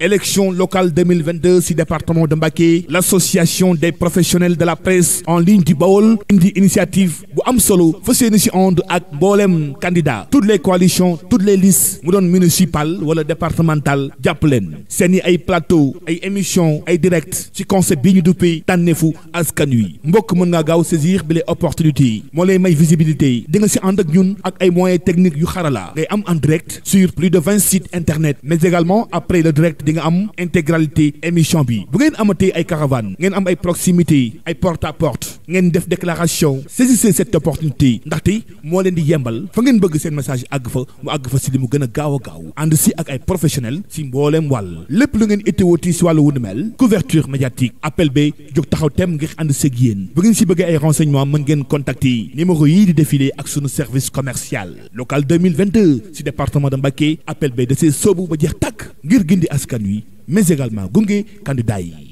élection locale 2022 ci département de Mbacké l'association des professionnels de la presse en ligne du Baol indi initiative bu am solo fa seeni ci ànd ak mboolem candidat toutes les coalitions toutes les listes mu doon municipal wala départemental jàpp leen seeni ay plateau ay émission ay direct ci conseil bi ñu duppee tànneefu askan wi mbokk mën ngaa gaaw saisir bi les opportunités moo lay may visibilité di nga ci ànd ak ñun ak ay moyens techniques yu xarala ngay am en direct sur plus de vingt sites internet mais également après le direct lépp di nga am intégralité émission bi bu ngeen amatee ay caravane ngeen am ay proximité ay porte à porte ngeen def déclaration saisissez cette opportunité ndaxte moo leen di yembal fa ngeen bëgg seen message àgg fa mu àgg fa si li mu gën a gaaw a gaaw ànd si ak ay professionnels si mbooleem wàll lépp lu ngeen ittewooti si wàllu wu ni mel couverture médiatique appel ba jóg taxaw tem ngir ànd seeg yéen bu ngeen si bëggee ay renseignements mën ngeen contacter numéro yii di défilé ak sunu service commercial local 2022 si département de Mbacké appel ba da see soobu jeex tàkk ngir gindi askan wi mais également gunge candidat yi